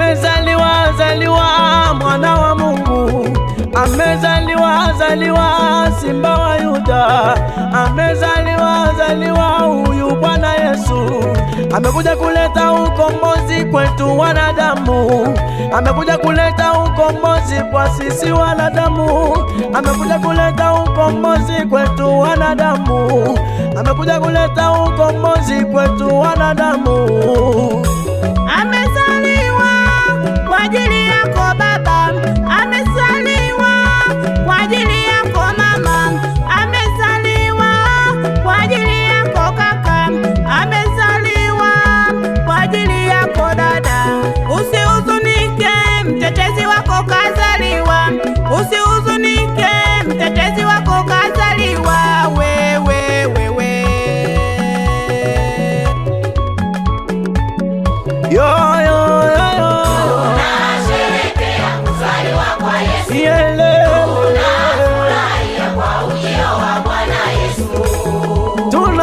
mezaliwa zaliwa mwana wa Mungu, amezaliwa zaliwa simba wa Yuda, amezaliwa zaliwa huyu Bwana Yesu amekuja kuleta ukombozi kwetu wanadamu, amekuja kuleta ukombozi kwa sisi wanadamu, amekuja kuleta ukombozi kwetu wanadamu, amekuja kuleta ukombozi kwetu wanadamu.